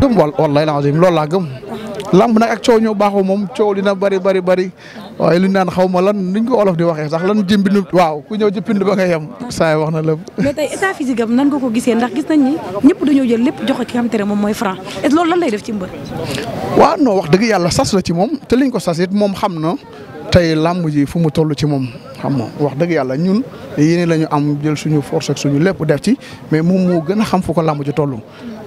gëm wal wallahi lazim loolu laa gëm lamb nag ak coow ñoo baaxoo moom coow li na bëri bëri waaye li ñu naan xaw ma lan niñ ko olof di waxee sax lan jëm bindu waaw ku ñëw ci pind ba nga yem wax na lépp mais tey état physique am ko gisee ndax gis nañ ni ñëpp dañoo jël lépp jox ko ki moom mooy franc et loolu lan def ci mbër waaw noo wax dëgg yàlla sas la ci moom te liñ ko sas it moom xam na tey làmb ji fu mu toll ci moom xam nga wax dëgg yàlla ñun yeneen la ñu am jël suñu force suñu lépp def ci mais moom moo gën a xam fu ko làmb ji toll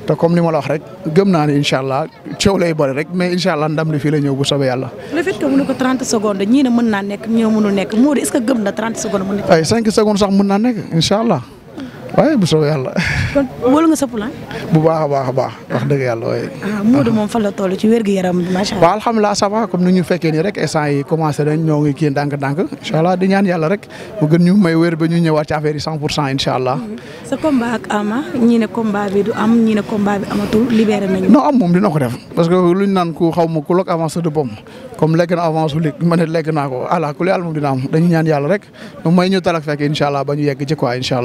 te comme ni ma la wax rek gëm naa ne incha allah coow lay bëri rek mais incha allah ndam li fii la ñëw bu soobee yàlla. le fait que mënu ko 30 secondes ñii ne mën naa nekk ñii mënul nekk Modou est-ce que gëm na 30 secondes mën na. ay secondes sax mën naa nekk incha allah waaye bu soobee yàlla. kon wóolu a baax a baax ah, comme ni ñu fekkee nii rek instant yi commencé nañ ñoo ngi kii ndànk-ndànk incha allah di ñaan yàlla rek mu gën ñu may wér ba ñu ñëwaat ci affaire yi 100 pour cent incha allah. Mm-hmm. sa combat ak Ama ñii ne combat bi du am nañu. non am moom dina ko def parce que lu ñu naan ku xaw ma ku lok avance de bombe comme lekk na avance ma lekk naa ko ala ku yàlla moom dina am dañu ñaan yàlla rek may ñu talak fekk incha allah ba ñu yegg ci ko incha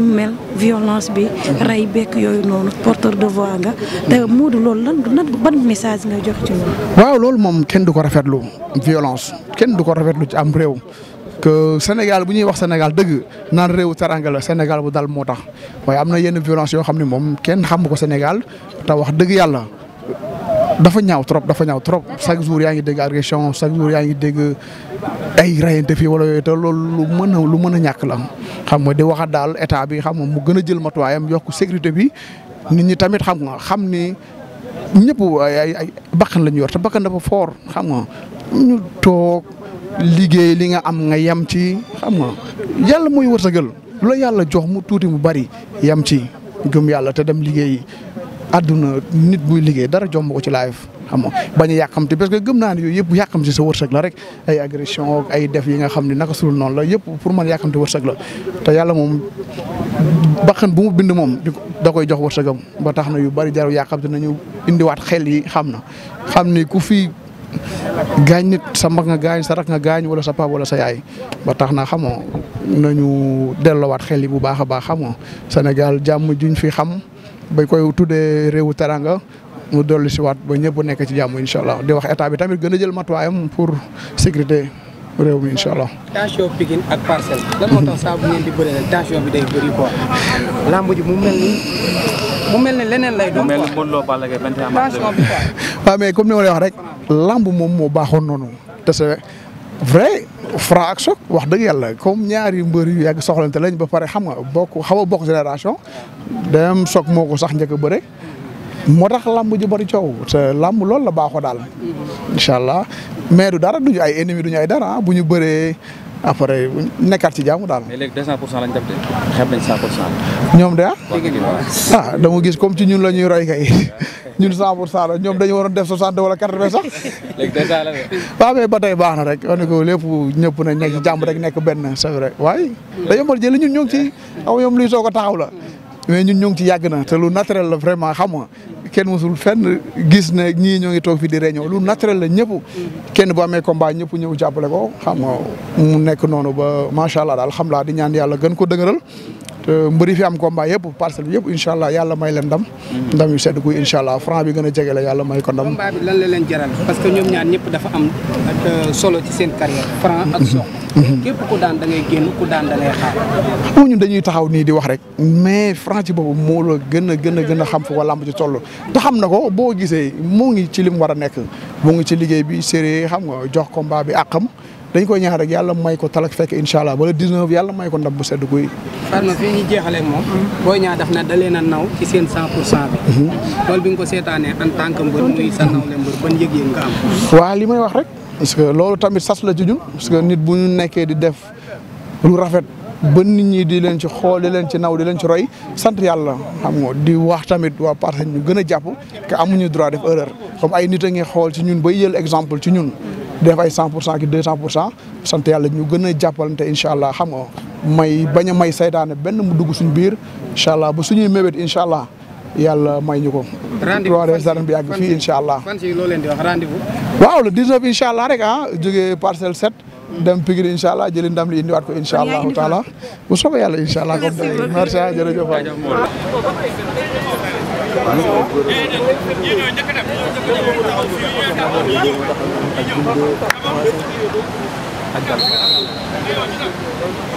mu mel violence bi rey bekk yooyu noonu porteur de voix nga te Modou loolu lan lan ban message nga jox ci loolu. waaw loolu moom kenn du ko rafetlu violence kenn du ko rafetlu ci am réew. que Sénégal bu ñuy wax Sénégal dëgg naan réewu teranga la Sénégal bu dal moo tax waaye am na yenn violence yoo xam ne moom kenn xam ko Sénégal te wax dëgg yàlla dafa ñaaw trop dafa ñaaw trop chaque jour yaa ngi dégg agression chaque yaa ngi dégg ay rayante fii wala yooyu te loolu lu mën a lu mën a ñàkk la xam nga di waxaat daal état bi xam nga mu gën a jël matuwaayam yokk sécurité bi nit ñi tamit xam nga xam ni ñëpp ay ay bakkan la yor te bakkan dafa foor xam nga ñu toog liggéey li nga am nga yem ci xam nga yàlla mooy wërsëgal lu yàlla jox mu tuuti mu bari yem ci gëm yàlla te dem liggéey àdduna nit buy liggéey dara jomb ko ci life xam nga bañ a yàqamti parce que gëm naa ne yooyu yëpp yàqamti sa wërsëg la rek ay agression ay def yi nga xam ne naka sulul noonu la yëpp pour man yàqamti wërsëg la te yàlla moom baqan bu mu bind moom da koy jox wërsëgam ba tax na yu bari jaru yàqamti nañu indiwaat xel yi xam na xam ni ku fi gaañ sa mag nga gaañ sa rak nga gaañ wala sa pap wala sa ba tax na xamoo nañu delloowaat xel yi bu baax a baax xamoo Sénégal jàmm juñ fi xam ba koy tuddee réewu teraanga mu dolli si waat ba ñëpp nekk ci jàmm incha allah di wax état bi tamit gën a jël matuwaayam pour sécurité réew mi incha allah. tension ak Parcelles. lan moo tax saa bu ngeen di bëri tension bi day bëri quoi. lamb ji mu mel ni mu mel ni leneen lay doon quoi tension bi comme ni wax rek. lamb moom moo baaxoon noonu te c'est vrai Franc ak Choc wax dëgg yàlla comme ñaari mbër ak soxla soxlante lañ ba pare xam nga bokk xaw a bokk génération. dem Choc moo ko sax njëkk a bëre. moo tax làmb ji bari coow te làmb loolu la baaxoo daal incha allah mais du dara duñu ay ennemis duñu ay dara bu ñu bëree après nekkaat ci jàmm daal. mais léegi pour cent lañ def de xeeb nañ 100 pour cent. ñoom de ah? ah dama gis comme ci ñun la ñuy roy kay ñun 100 pour cent la ñoom dañu a def 60 wala 80 sax. léegi ba tey baax na rek wane ko lépp ñëpp nañ nekk ci jàmm rek nekk benn c'est waaye. dañoo mën jël jëli ñun ñoo ci aw ñoom luy soog a taxaw la. mais ñun ñoo ngi ci yàgg na te lu naturel la vraiment xam nga kenn musul fenn gis ne ñii ñoo ngi toog fii di réunion lu naturel la ñëpp kenn bu amee combat ñëpp ñëw jàppale ko xam nga mu nekk noonu ba macha allah xam laa di ñaan yàlla gën ko dëgëral te mbëri fi am combat yëpp parcelle yëpp incha allah yàlla may leen ndam. ndam yu sedd guy incha allah franc bi gën a yàlla may ko ndam. combat bi leen jaral parce que ñoom ñaar ñëpp dafa am euh, solo ci seen carrière franc ak sox. képp ku daan da ngay génn ku daan da xaar. ou ñun dañuy taxaw nii di wax rek mais Franc ci boobu moo la gën a gën a gën a xam fu ko làmb ci toll. te xam na ko boo gisee mu ngi ci li mu war a nekk mu ngi ci liggéey bi sérieux xam nga jox combat bi àqam dañ koy ñaax rek yàlla may ko talak fekk incha allah wala 19 yàlla may ko ndam bu sedd guy. Fatma fii ñu jeexalee moom. booy ñaa daf na da leen a naw ci seen 100 pour cent bi. Mhm. loolu bi nga ko seetaanee en tant que mbër parce que loolu tamit sas la ci ñun parce que nit bu ñu nekkee di def lu rafet ba nit ñi di leen ci xool di leen ci naw di leen ci roy sant yàlla xam nga di wax tamit waa parti ñu gën a jàpp que amuñu droit def erreur comme ay nit a ngi xool ci ñun bay jël exemple ci ñun def ay cent pour cent ki deux cent pour cent sant yàlla ñu gën a jàppalante incha allah xam nga may bañ a may saytaane benn mu dugg suñ biir incha allah ba suñuy mébét incha allah yàlla may ñu ko. rendez-vous des arènes allah. fan si rek ah jógee parcelle 7. dem Pikine incha allah jëli ndam li indiwaat ko incha allahu taala bu yàlla incha allah comme dégg nga merci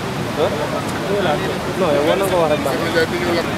non yow war na ko wax rek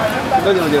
Voilà.